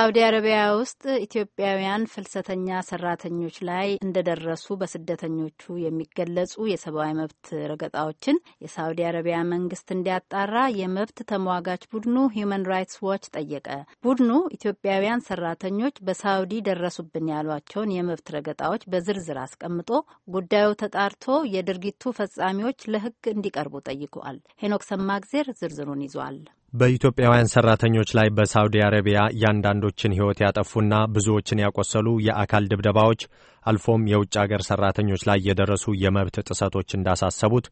ሳውዲ አረቢያ ውስጥ ኢትዮጵያውያን ፍልሰተኛ ሰራተኞች ላይ እንደደረሱ በስደተኞቹ የሚገለጹ የሰብአዊ መብት ረገጣዎችን የሳውዲ አረቢያ መንግስት እንዲያጣራ የመብት ተሟጋች ቡድኑ ሂዩማን ራይትስ ዋች ጠየቀ። ቡድኑ ኢትዮጵያውያን ሰራተኞች በሳውዲ ደረሱብን ያሏቸውን የመብት ረገጣዎች በዝርዝር አስቀምጦ ጉዳዩ ተጣርቶ የድርጊቱ ፈጻሚዎች ለህግ እንዲቀርቡ ጠይቋል። ሄኖክ ሰማግዜር ዝርዝሩን ይዟል። በኢትዮጵያውያን ሰራተኞች ላይ በሳውዲ አረቢያ እያንዳንዶችን ሕይወት ያጠፉና ብዙዎችን ያቆሰሉ የአካል ድብደባዎች አልፎም የውጭ አገር ሰራተኞች ላይ የደረሱ የመብት ጥሰቶች እንዳሳሰቡት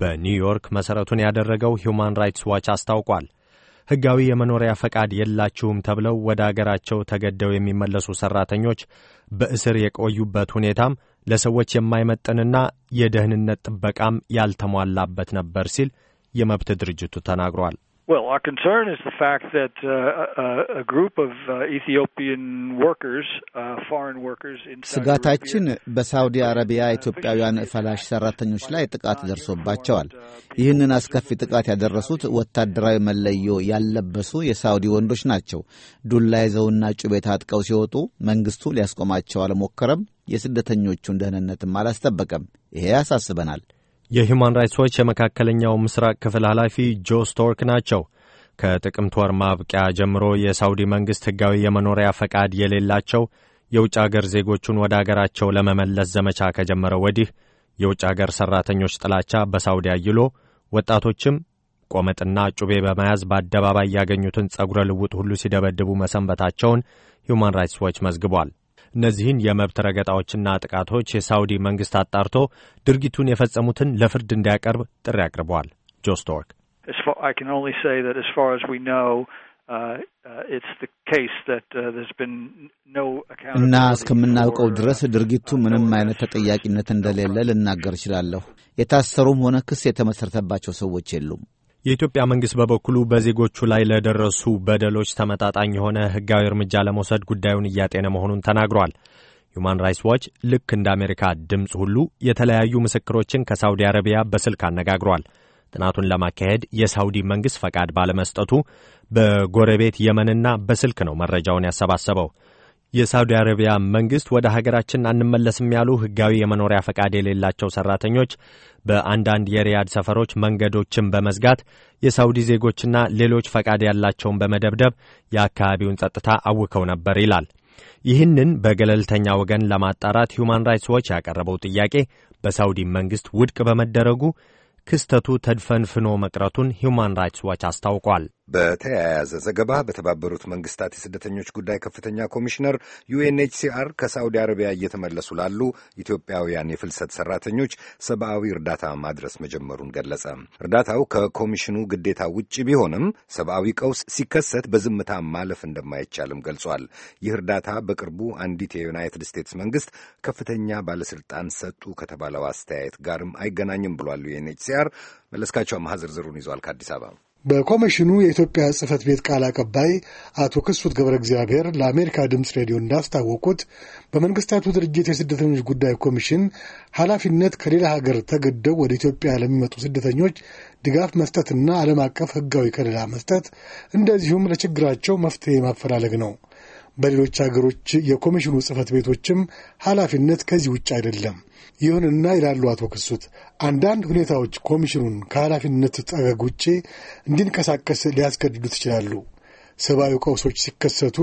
በኒውዮርክ መሠረቱን ያደረገው ሁማን ራይትስ ዋች አስታውቋል። ሕጋዊ የመኖሪያ ፈቃድ የላችሁም ተብለው ወደ አገራቸው ተገደው የሚመለሱ ሰራተኞች በእስር የቆዩበት ሁኔታም ለሰዎች የማይመጥንና የደህንነት ጥበቃም ያልተሟላበት ነበር ሲል የመብት ድርጅቱ ተናግሯል። Well, our concern is the fact that uh, uh a group of uh, Ethiopian workers, uh, foreign workers in ስጋታችን በሳውዲ አረቢያ ኢትዮጵያውያን ፈላሽ ሰራተኞች ላይ ጥቃት ደርሶባቸዋል። ይህንን አስከፊ ጥቃት ያደረሱት ወታደራዊ መለዮ ያለበሱ የሳውዲ ወንዶች ናቸው። ዱላ ይዘውና ጩቤ ታጥቀው ሲወጡ መንግስቱ ሊያስቆማቸው አልሞከረም፣ የስደተኞቹን ደህንነትም አላስጠበቀም። ይሄ ያሳስበናል። የሁማን ራይትስ ዎች የመካከለኛው ምስራቅ ክፍል ኃላፊ ጆ ስቶርክ ናቸው። ከጥቅምት ወር ማብቂያ ጀምሮ የሳውዲ መንግሥት ሕጋዊ የመኖሪያ ፈቃድ የሌላቸው የውጭ አገር ዜጎቹን ወደ አገራቸው ለመመለስ ዘመቻ ከጀመረ ወዲህ የውጭ አገር ሠራተኞች ጥላቻ በሳውዲ አይሎ ወጣቶችም ቆመጥና ጩቤ በመያዝ በአደባባይ ያገኙትን ጸጉረ ልውጥ ሁሉ ሲደበድቡ መሰንበታቸውን ሁማን ራይትስ ዎች መዝግቧል። እነዚህን የመብት ረገጣዎችና ጥቃቶች የሳውዲ መንግስት አጣርቶ ድርጊቱን የፈጸሙትን ለፍርድ እንዲያቀርብ ጥሪ አቅርበዋል። ጆ ስቶርክ uh, uh, እና እስከምናውቀው ድረስ ድርጊቱ uh, ምንም አይነት ተጠያቂነት እንደሌለ ልናገር እችላለሁ። የታሰሩም ሆነ ክስ የተመሠረተባቸው ሰዎች የሉም። የኢትዮጵያ መንግስት በበኩሉ በዜጎቹ ላይ ለደረሱ በደሎች ተመጣጣኝ የሆነ ህጋዊ እርምጃ ለመውሰድ ጉዳዩን እያጤነ መሆኑን ተናግሯል። ሁማን ራይትስ ዋች ልክ እንደ አሜሪካ ድምፅ ሁሉ የተለያዩ ምስክሮችን ከሳውዲ አረቢያ በስልክ አነጋግሯል። ጥናቱን ለማካሄድ የሳውዲ መንግሥት ፈቃድ ባለመስጠቱ በጎረቤት የመንና በስልክ ነው መረጃውን ያሰባሰበው። የሳውዲ አረቢያ መንግስት ወደ ሀገራችን አንመለስም ያሉ ህጋዊ የመኖሪያ ፈቃድ የሌላቸው ሰራተኞች በአንዳንድ የሪያድ ሰፈሮች መንገዶችን በመዝጋት የሳውዲ ዜጎችና ሌሎች ፈቃድ ያላቸውን በመደብደብ የአካባቢውን ጸጥታ አውከው ነበር ይላል። ይህንን በገለልተኛ ወገን ለማጣራት ሁማን ራይትስ ዎች ያቀረበው ጥያቄ በሳውዲ መንግስት ውድቅ በመደረጉ ክስተቱ ተድፈንፍኖ መቅረቱን ሁማን ራይትስ ዎች አስታውቋል። በተያያዘ ዘገባ በተባበሩት መንግስታት የስደተኞች ጉዳይ ከፍተኛ ኮሚሽነር ዩኤንኤችሲአር ከሳዑዲ አረቢያ እየተመለሱ ላሉ ኢትዮጵያውያን የፍልሰት ሰራተኞች ሰብአዊ እርዳታ ማድረስ መጀመሩን ገለጸ። እርዳታው ከኮሚሽኑ ግዴታ ውጭ ቢሆንም ሰብአዊ ቀውስ ሲከሰት በዝምታ ማለፍ እንደማይቻልም ገልጿል። ይህ እርዳታ በቅርቡ አንዲት የዩናይትድ ስቴትስ መንግስት ከፍተኛ ባለስልጣን ሰጡ ከተባለው አስተያየት ጋርም አይገናኝም ብሏል ዩኤንኤችሲአር። መለስካቸው አማሃ ዝርዝሩን ይዟል ከአዲስ አበባ በኮሚሽኑ የኢትዮጵያ ጽህፈት ቤት ቃል አቀባይ አቶ ክሱት ገብረ እግዚአብሔር ለአሜሪካ ድምፅ ሬዲዮ እንዳስታወቁት በመንግስታቱ ድርጅት የስደተኞች ጉዳይ ኮሚሽን ኃላፊነት ከሌላ ሀገር ተገደው ወደ ኢትዮጵያ ለሚመጡ ስደተኞች ድጋፍ መስጠትና ዓለም አቀፍ ህጋዊ ከለላ መስጠት እንደዚሁም ለችግራቸው መፍትሄ ማፈላለግ ነው። በሌሎች ሀገሮች የኮሚሽኑ ጽህፈት ቤቶችም ኃላፊነት ከዚህ ውጭ አይደለም። ይሁንና ይላሉ አቶ ክሱት፣ አንዳንድ ሁኔታዎች ኮሚሽኑን ከኃላፊነት ጠገግ ውጭ እንዲንቀሳቀስ ሊያስገድዱት ይችላሉ። ሰብአዊ ቀውሶች ሲከሰቱ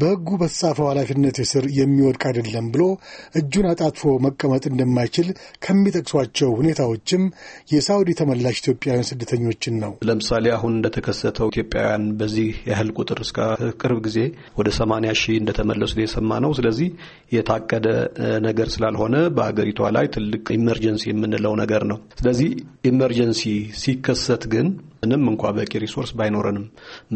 በሕጉ በተጻፈው ኃላፊነት ስር የሚወድቅ አይደለም ብሎ እጁን አጣጥፎ መቀመጥ እንደማይችል ከሚጠቅሷቸው ሁኔታዎችም የሳውዲ ተመላሽ ኢትዮጵያውያን ስደተኞችን ነው። ለምሳሌ አሁን እንደተከሰተው ኢትዮጵያውያን በዚህ ያህል ቁጥር እስከ ቅርብ ጊዜ ወደ ሰማንያ ሺህ እንደተመለሱ የሰማ ነው። ስለዚህ የታቀደ ነገር ስላልሆነ በሀገሪቷ ላይ ትልቅ ኢመርጀንሲ የምንለው ነገር ነው። ስለዚህ ኢመርጀንሲ ሲከሰት ግን ምንም እንኳ በቂ ሪሶርስ ባይኖረንም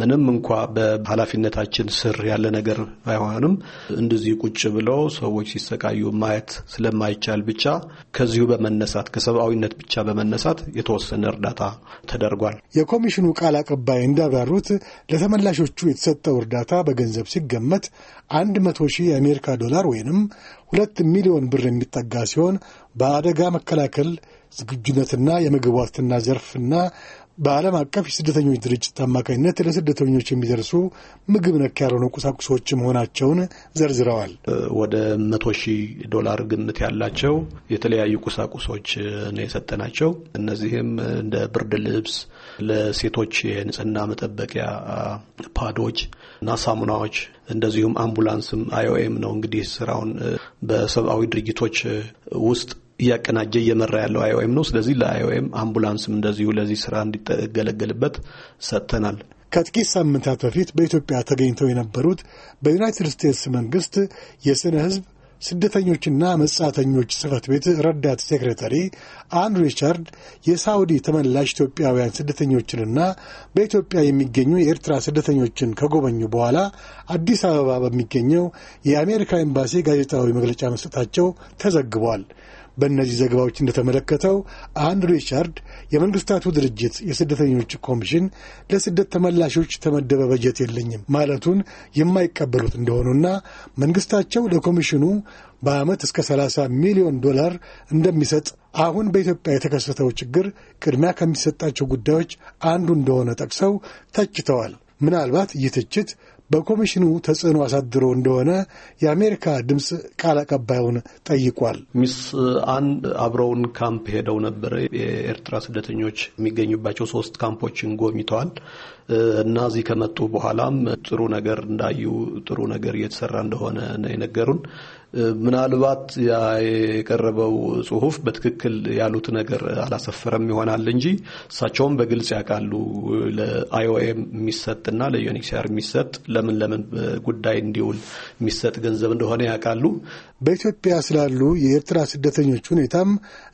ምንም እንኳ በኃላፊነታችን ስር ያለ ነገር ባይሆንም እንደዚህ ቁጭ ብለው ሰዎች ሲሰቃዩ ማየት ስለማይቻል ብቻ ከዚሁ በመነሳት ከሰብአዊነት ብቻ በመነሳት የተወሰነ እርዳታ ተደርጓል። የኮሚሽኑ ቃል አቀባይ እንዳብራሩት ለተመላሾቹ የተሰጠው እርዳታ በገንዘብ ሲገመት አንድ መቶ ሺህ የአሜሪካ ዶላር ወይንም ሁለት ሚሊዮን ብር የሚጠጋ ሲሆን በአደጋ መከላከል ዝግጁነትና የምግብ ዋስትና ዘርፍና በዓለም አቀፍ የስደተኞች ድርጅት አማካኝነት ለስደተኞች የሚደርሱ ምግብ ነክ ያልሆነ ቁሳቁሶች መሆናቸውን ዘርዝረዋል። ወደ መቶ ሺህ ዶላር ግምት ያላቸው የተለያዩ ቁሳቁሶች ነው የሰጠናቸው። እነዚህም እንደ ብርድ ልብስ፣ ለሴቶች የንጽህና መጠበቂያ ፓዶች እና ሳሙናዎች እንደዚሁም አምቡላንስም አይኦኤም ነው እንግዲህ ስራውን በሰብአዊ ድርጅቶች ውስጥ እያቀናጀ እየመራ ያለው አይኦኤም ነው። ስለዚህ ለአይኦኤም አምቡላንስም እንደዚሁ ለዚህ ስራ እንዲገለገልበት ሰጥተናል። ከጥቂት ሳምንታት በፊት በኢትዮጵያ ተገኝተው የነበሩት በዩናይትድ ስቴትስ መንግስት የስነ ህዝብ ስደተኞችና መጻተኞች ጽህፈት ቤት ረዳት ሴክሬታሪ አን ሪቻርድ የሳውዲ ተመላሽ ኢትዮጵያውያን ስደተኞችንና በኢትዮጵያ የሚገኙ የኤርትራ ስደተኞችን ከጎበኙ በኋላ አዲስ አበባ በሚገኘው የአሜሪካ ኤምባሲ ጋዜጣዊ መግለጫ መስጠታቸው ተዘግቧል። በእነዚህ ዘገባዎች እንደተመለከተው አንድ ሪቻርድ የመንግስታቱ ድርጅት የስደተኞች ኮሚሽን ለስደት ተመላሾች የተመደበ በጀት የለኝም ማለቱን የማይቀበሉት እንደሆኑና መንግስታቸው ለኮሚሽኑ በዓመት እስከ 30 ሚሊዮን ዶላር እንደሚሰጥ አሁን በኢትዮጵያ የተከሰተው ችግር ቅድሚያ ከሚሰጣቸው ጉዳዮች አንዱ እንደሆነ ጠቅሰው ተችተዋል። ምናልባት ይህ ትችት በኮሚሽኑ ተጽዕኖ አሳድሮ እንደሆነ የአሜሪካ ድምፅ ቃል አቀባዩን ጠይቋል። ሚስ አንድ አብረውን ካምፕ ሄደው ነበረ። የኤርትራ ስደተኞች የሚገኙባቸው ሶስት ካምፖችን ጎብኝተዋል እና እዚህ ከመጡ በኋላም ጥሩ ነገር እንዳዩ፣ ጥሩ ነገር እየተሰራ እንደሆነ ነው የነገሩን። ምናልባት የቀረበው ጽሁፍ በትክክል ያሉት ነገር አላሰፈረም ይሆናል እንጂ እሳቸውም በግልጽ ያውቃሉ ለአይኦኤም የሚሰጥና ለዩኒክሲር የሚሰጥ ለምን ለምን ጉዳይ እንዲውል የሚሰጥ ገንዘብ እንደሆነ ያውቃሉ። በኢትዮጵያ ስላሉ የኤርትራ ስደተኞች ሁኔታም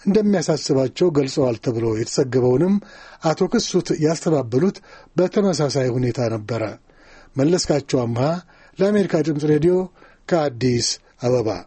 እንደሚያሳስባቸው ገልጸዋል ተብሎ የተዘገበውንም አቶ ክሱት ያስተባበሉት በተመሳሳይ ሁኔታ ነበረ። መለስካቸው አምሃ ለአሜሪካ ድምፅ ሬዲዮ ከአዲስ አበባ